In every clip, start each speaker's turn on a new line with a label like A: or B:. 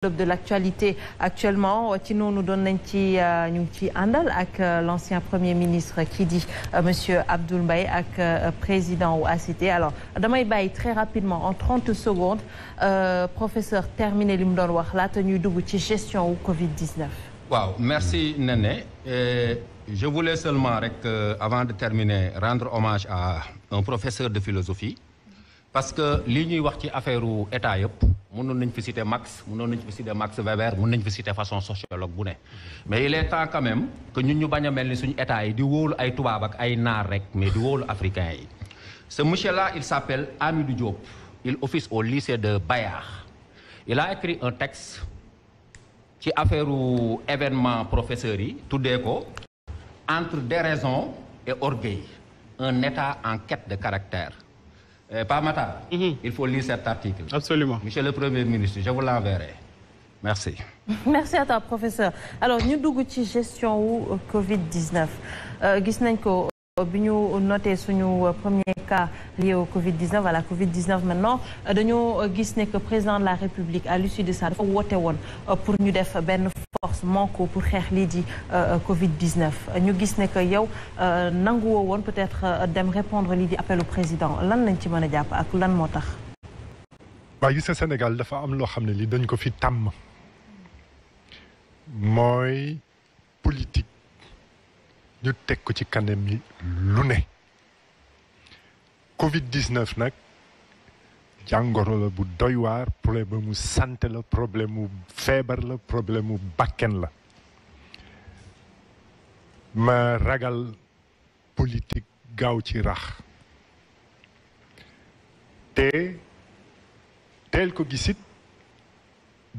A: de l'actualité actuellement ci noonu doon nañ ci euh, ñu ngi ci àndal ak euh, l'ancien premier ministre kii di euh, monsieur Abdoul Mbaye ak président wu ACT alors damay bàyyi très rapidement en 30 secondes euh, professeur terminé li mu doon wax laata ñuy dugg ci gestion wu Covid 19.
B: waaw merci Néné Et je voulais seulement rek avant de terminer rendre hommage à un professeur de philosophie parce que li ñuy wax ci affaire état yëpp. mënoon nañ fi Max mënoon nañ fi citer Max Weber mën nañ fi façon sociologue bu ne mais il est temps quand même que ñun ñu bañ a mel ni suñu état yi di wóolu ay tubaab ak ay naar rek mais di wóolu africain yi ce monsieur là il s'appelle du Diop il office au lycée de Bayar il a écrit un texte ci affaire u événement professeur yi tuddee ko entre déraison et orgueil un état en de caractère Euh, Pas Matar. Mm -hmm. Il faut lire cet article. Absolument. Monsieur le Premier ministre, je vous l'enverrai. Merci.
A: Merci à toi, professeur. Alors, ñu dugg ci gestion wu Covid-19 euh, gis nañ ko. bi ñu noté suñu premier cas lié au Covid-19 voilà Covid-19 maintenant dañoo gis ne que président de la République à l'issue de ça dafa woote woon pour ñu def benn force manko pour xeex lii di euh, Covid-19 ñu gis ne que yow euh, nanguwoo woon peut-être euh, dem répondre lii di appel président lan lañ ci mën a jàpp ak lan moo tax
B: waaw gis nga Sénégal dafa am loo xam ne li dañ ko fi tàmm mooy politique ñu teg ko ci kanam yi lu ne Covid 19 nag jàngoro la bu doy waar problème mu santé la problème mu feebar la problème mu bakken la ma ragal politique gaaw ci rax te teel ko gisit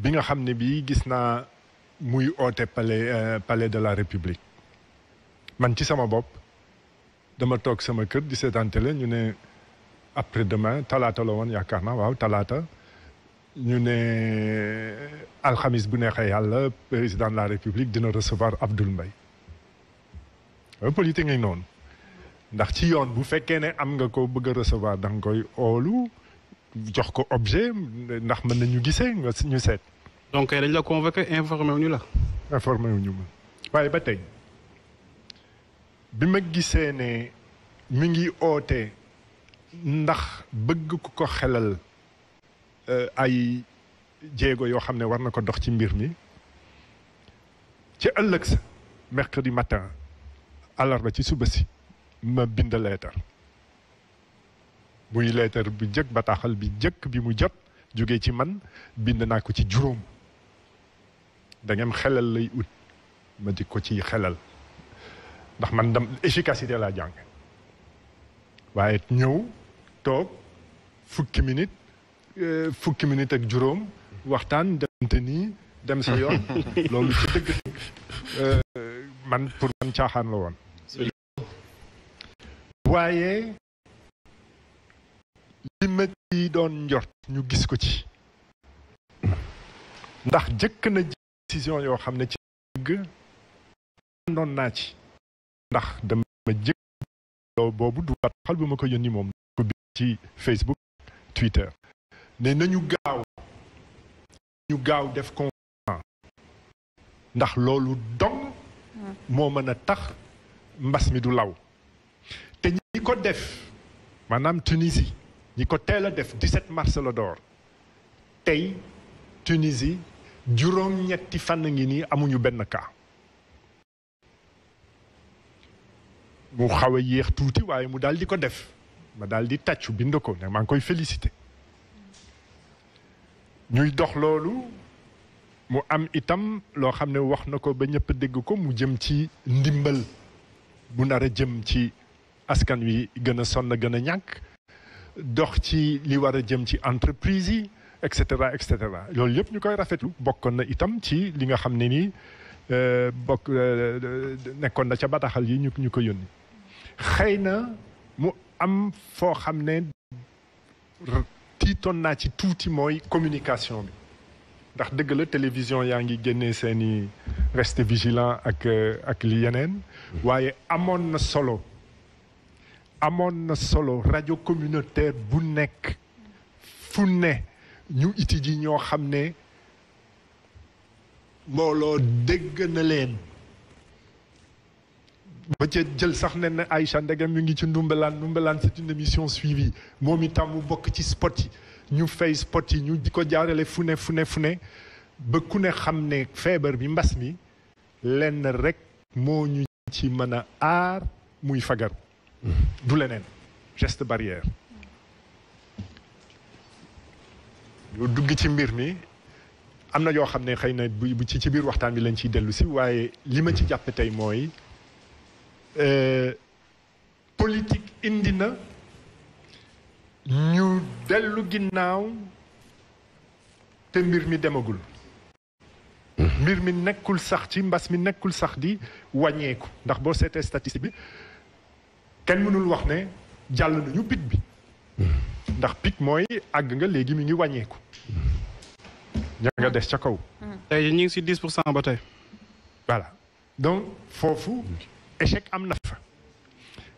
B: bi nga xam ne bii gis naa muy oote palais euh, palais de la république. man ci sama bopp dama toog sama kër di seetaan télé ñu ne après demain talaata la woon yaakaar naa waaw talaata ñu ne alxamis bu neexee yàlla président de la république dina recevoir Abdoul Mbaye a politique ngay noonu ndax ci yoon bu fekkee ne am nga ko bëgg a recevoir da koy oolu jox ko objet ndax mën ñu gisee nga ñu seet donc dañ la convoqué informé wu ñu la informé wu ñu ma waaye ba tey bi ma gisee ne mu ngi oote ndax bëgg ku ko xelal eh, ay jéego yoo xam ne war na ko dox ci mbir mi ci ëllëg sa mercredi matin àllarba ci suba si ma bind leetar muy leetar bu jëkk bataaxal bi jëkk bi mu jot jóge ci man bind naa ko ci juróom da xelal lay ut ma di ko ci xelal ndax man dam efficacité laa jàng waaye ñëw toog fukki minute euh, fukki ak juróom waxtaan demte nii dem sa yoon loolu ci euh, man pour man caaxaan la woon waaye li ci doon njort ñu gis ko ci ndax jëkk na décision yoo xam ne ci dëgg naa ci ndax dama jëkk boobu du bataaxal bi ma ko yónni moom ko bi ci Facebook Twitter ne nañu gaaw ñu gaaw def confinement ndax loolu dong moo mën a tax mbas mi du law te ñi ko def maanaam Tunisie ñi ko teel a def 17 mars la door tey Tunisie juróom-ñetti fànn ngi nii amuñu benn cas mu xaw a yéex tuuti waaye mu daal di ko def ma daal di tàccu bind ko nag maa ngi koy félicité ñuy dox loolu mu am itam loo xam ne wax na ko ba ñëpp dégg ko mu jëm ci ndimbal bu nar jëm ci askan wi gën a sonn gën a ñàkk dox ci li war a jëm ci entreprise yi et cetera et cetera loolu yëpp ñu koy rafetlu bokkoon na itam ci li nga xam ne nii euh, bokk euh, nekkoon na ca bataaxal yi ñu ñu ko yónni xëy na mu am foo xam ne tiitoon naa ci tuuti mooy communication bi ndax dëgg la télévision yaa ngi génnee seeni i vigilant ak ak li yeneen waaye amoon na solo amoon na solo rajo communautaire bu nekk fu ne ñu iti ji ñoo xam ne mbooloo dégg na leen ba ca jël sax ne na Aïcha ndegam ñu ngi ci Ndumbelaan Ndumbelaan c'est une émission suivie moom itam mu bokk ci spot yi ñu fay spot yi ñu ko jaarale fu ne fu ne fu ne ba ku ne xam ne feebar bi mbas mi lenn rek moo ñu ci mën a aar muy fagaru du leneen geste barrière ñu dugg ci mbir mi am na yoo xam ne xëy na bu ci ci biir waxtaan bi lañ ci dellusi waaye li ma ci jàpp tey mooy Euh, politique indi na ñu dellu ginnaaw te mbir mi demagul. Mhm. mbir mi nekkul sax ci mbas mi nekkul sax di wàññeeku ndax boo seetee statistique bi kenn mënul wax ne jàll nañu pic bi. Mhm. ndax pic mooy àgg nga léegi mi ngi wàññeeku. Mhm. ña nga des ca kaw. tey ñu ngi si 10 pour cent donc foofu. échec am nafa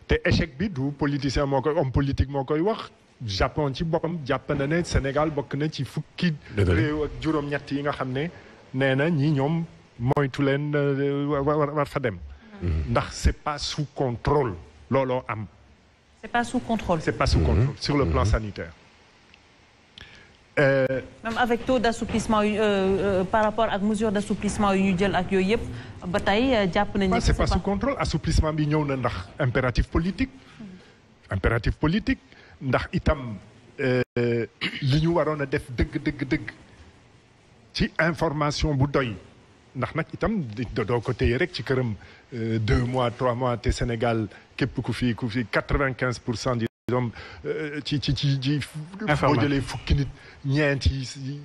B: te échec bi du politicien moo koy politique moo koy wax Japon ci boppam jàpp na ne Sénégal bokk na ci fukki réew juróom-ñett yi nga xam ne nee na ñi ñoom moytu leen euh, war fa dem mhm. ndax c'est pas sous contrôle looloo am c'est pas sous contrôle c'est pas sous contrôle mhm. sur le plan mhm. sanitaire Euh,
A: même avec taux d' assouplissement euh, euh, par rapport ak mesure d' assouplissement yu ñu jël ak yooyu yëpp ba tey jàpp nañu. c' est pas sous
B: contrôle bi ñëw na ndax impératif politique. impératif politique ndax itam li ñu waroon a def dëgg dëgg dëgg ci information bu doy ndax nag itam doo ko téye rek ci këram deux mois trois mois te Sénégal képp ku fi ku fi quatre vingt quinze pour cent Euh, ci ci ci ci. boo jëlee fukki nit ñeent yi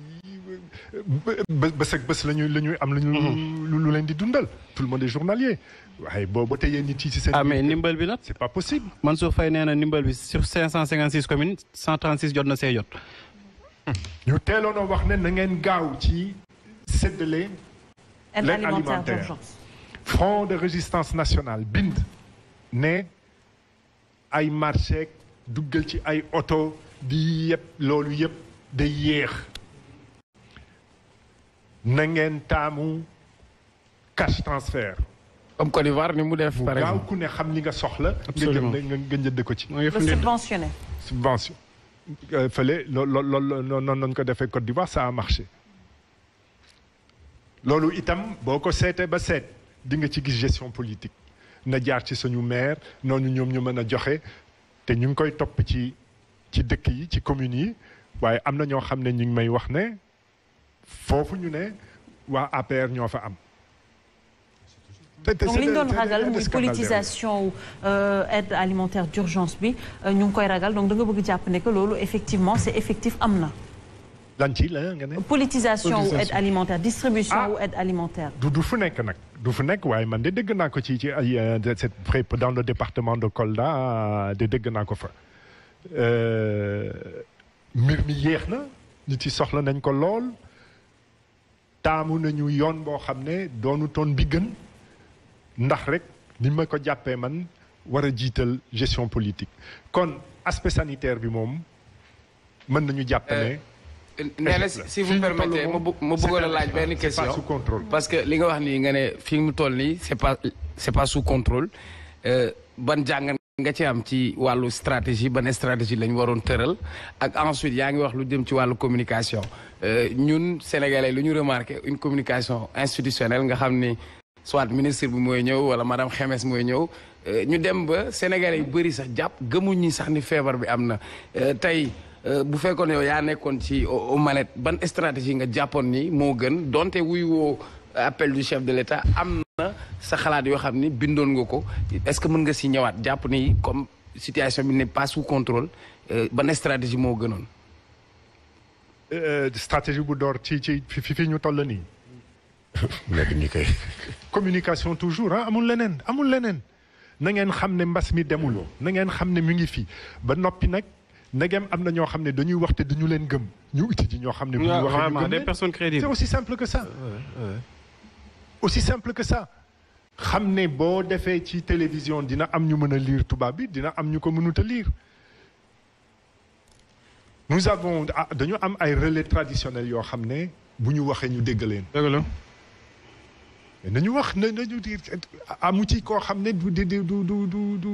B: bés ak bés la ñuy la ñuy am. Mhm. lu lu leen di dundal tout le monde est journalier. waaye boo ba tey nit yi si seen. ah mais ndimbal bi nag. c'est pas possible. Mansour nee na ndimbal bi sur 556 communes 136 jot na see jot. ñu teeloon a wax ne na ngeen gaaw ci séddale. l'aide alimentaire d'urgence Front de résistance nationale bind. ne ay marché. duggal ci ay oto bi yëpp loolu yëpp day yéex na ngeen taamu cash transfert. comme Côte d'Ivoire mu def. par exemple gaaw ku ne xam li nga soxla. absolument nga jënd nga jënd ko ci. le subventionné. subvention euh, fële loolu loolu noonu lañ ko defee Côte d'Ivoire ça a marché loolu itam boo ko seetee ba seet di nga ci gis gestion politique na jaar ci suñu maire noonu ñoom ñu mën a joxe. te ñu ngi koy topp ci ci dëkk yi ci communes yi waaye am na ñoo xam ne ñu ngi may wax ne foofu ñu ne waa APR ñoo fa am. donc li ñu doon ragal muy politisation
A: wu euh, aide alimentaire d'urgence bi euh, ñu ngi koy ragal donc da nga jàpp ne que loolu effectivement c'est effectif am na.
B: lan ci la nga ne. politisation wu ah! aide
A: alimentaire distribution wu aide alimentaire.
B: du fu nekk nag du fu nekk waaye man de dégg naa ko ci ci ay euh, dans le département de Kolda euh, de dégg naa ko fa. Euh, mbir mi yéex na nit yi soxla nañ ko lool taamu nañu yoon boo xam ne doonu toon bi gën ndax rek ni ma ko jàppee man war a jiital gestion politique kon aspect sanitaire bi moom mën nañu jàpp nee euh, na si vous permettez ma ma bëggoon a laaj benn question parce que li nga wax ni nga ne fi mu toll nii c'est pas c'est pas sous contrôle euh, ban jàngat nga ci am ci wàllu stratégie ba ban stratégie lañ waroon tëral ak ensuite yaa ngi wax lu jëm ci wàllu communication euh, ñun sénégalais lu ñu remarqué une communication institutionnelle nga xam ni soit ministre bi mooy ñëw wala madame Xemes mooy ñëw ñu dem ba sénégalais yu bëri sax jàpp gëmuñ ñi sax ni feebar bi am na tey. Euh, bu fekkoon yow yaa nekkoon ci aux manettes ban stratégie nga jàppoon nii moo gën donte wuy woo appel du chef de l'État am na sa xalaat yoo xam ni bindoon nga ko est-ce que mën nga si ñëwaat jàpp ni comme situation bi n'est pas sous euh, ban stratégie moo gënoon. Euh, stratégie bu door ci ci fi fi ñu toll nii. communication toujours ah amul leneen amul leneen na ngeen xam ne mbas mi demuloo na ngeen xam ne mu ngi fi ba noppi nag. ndegem am na ñoo xam ne dañuy waxte te dañu leen gëm ñu uti ñoo xam ne. bu ñu waxee ñu gëm des personnes crédibles. c'est aussi simple que ça. aussi simple xam ne boo defee ci télévision dina am ñu mën a lire tubaab bi dina am ñu ko mënut a lire. nous avons ah, dañu am ay relais traditionnels yoo xam ne bu ñu waxee ñu dégg leen. nañu wax na nañu amu ah, ci koo xam ne du du du du du du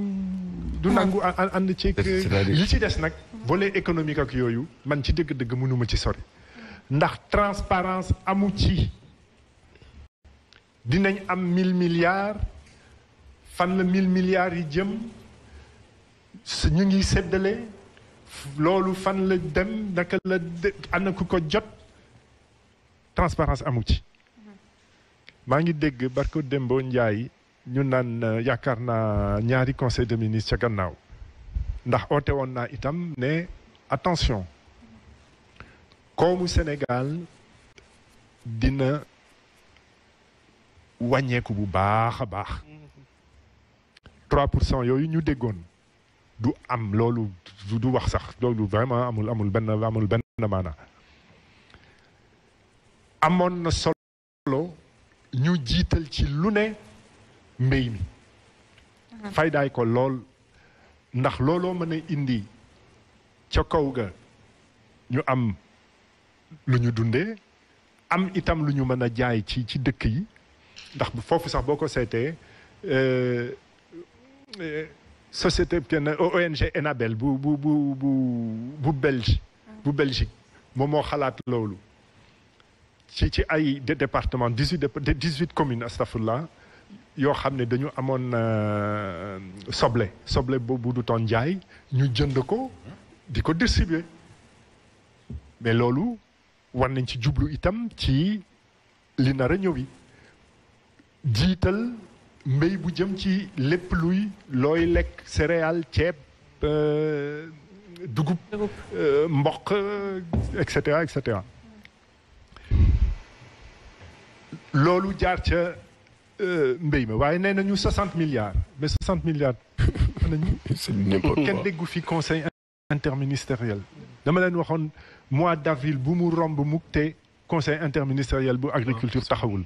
B: du nangu ànd ci li ci des nag volet économique ak yooyu man ci dëgg-dëgg mënuma ci sori ndax transparence amu ci dinañ am mille milliards fan la mille milliards yi jëm ñu ngi séddale loolu fan la dem naka la ana ku ko jot transparence amu ci maa ngi dégg barko Dembo Ndiaye ñu naan euh, yaakaar naa ñaari conseil de ministre ca gannaaw ndax oote woon naa itam ne attention koomu Sénégal dina wàññeeku bu baax a baax trois pour cent yooyu ñu déggoon du am loolu du wax sax loolu vraiment amul amul benn amul benn maana amoon na solo jiital ci lu ne mbéy mi faydaay ko lool ndax looloo mën indi ca kaw ga ñu am lu ñu dundee am itam lu ñu mën a jaay ci ci dëkk yi ndax foofu sax boo ko seetee euh, euh, société kenn ONG Enabel bu bu bu bu bu Belge bu Belgique moomoo xalaat loolu ci ci ay département dix huit dix huit communes astafurlah yoo xam ne dañu amoon euh, soble soble boobu du toon jaay ñu jënd ko di ko distribuer mais loolu war nañ ci jublu itam ci li nar a ñëw yi jiital mbéy bu jëm ci lépp luy looy lekk céréales ceeb euh, dugub euh, mboq et cetera et cetera loolu jaar ca euh, mbéy ma waaye nee nañu 60 milliards mais 60 milliards. nañu kenn déggu fi conseil interministériel. dama leen waxoon mois d' avril bu mu romb mukk te conseil interministériel bu agriculture taxawul.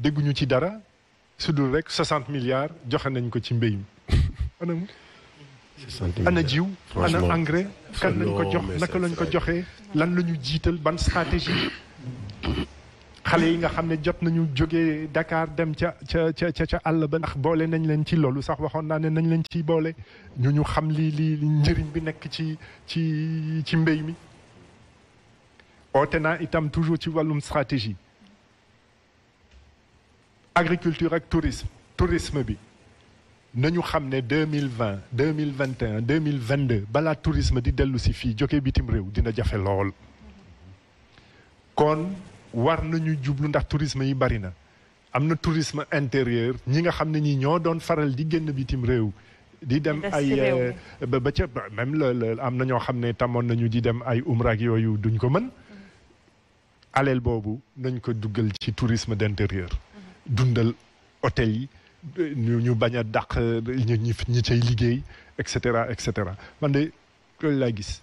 B: dégguñu ci dara su dul rek 60 milliards joxe nañ ko ci mbéy mi. ana jiw ana engrais kan lañ ko jox naka lañ ko joxe lan la ñu jiital ban stratégie. xale yi nga xam ne jot nañu jóge dakaar dem ca ca ca ca àll ba ndax boole nañ leen ci loolu sax waxoon naa ne nañ leen ci boole ñu ñu xam li li njëriñ bi nekk ci ci ci mbéy mi oote naa itam toujours ci wàllum stratégie agriculture ak tourisme tourisme bi nañu xam ne deux mille vingt deux mille vingt deux mille vingt deux balaa tourisme di dellu si fii jóge bitim réew dina jafe lool kon war nañu jublu ndax tourisme yi bari na am na tourisme intérieur ñi nga xam ne ñi ñoo doon faral di génn bitim réew di dem ay euh, ba ba ca même la am na ñoo xam ne tamoon nañu di dem ay umrak yooyu duñ ko mën aleel boobu nañ ko duggal ci tourisme d'intérieur dundal hôtel yi ñu bañ a dàq ñi ñi cay liggéey et cetera et cetera man de loolu laa gis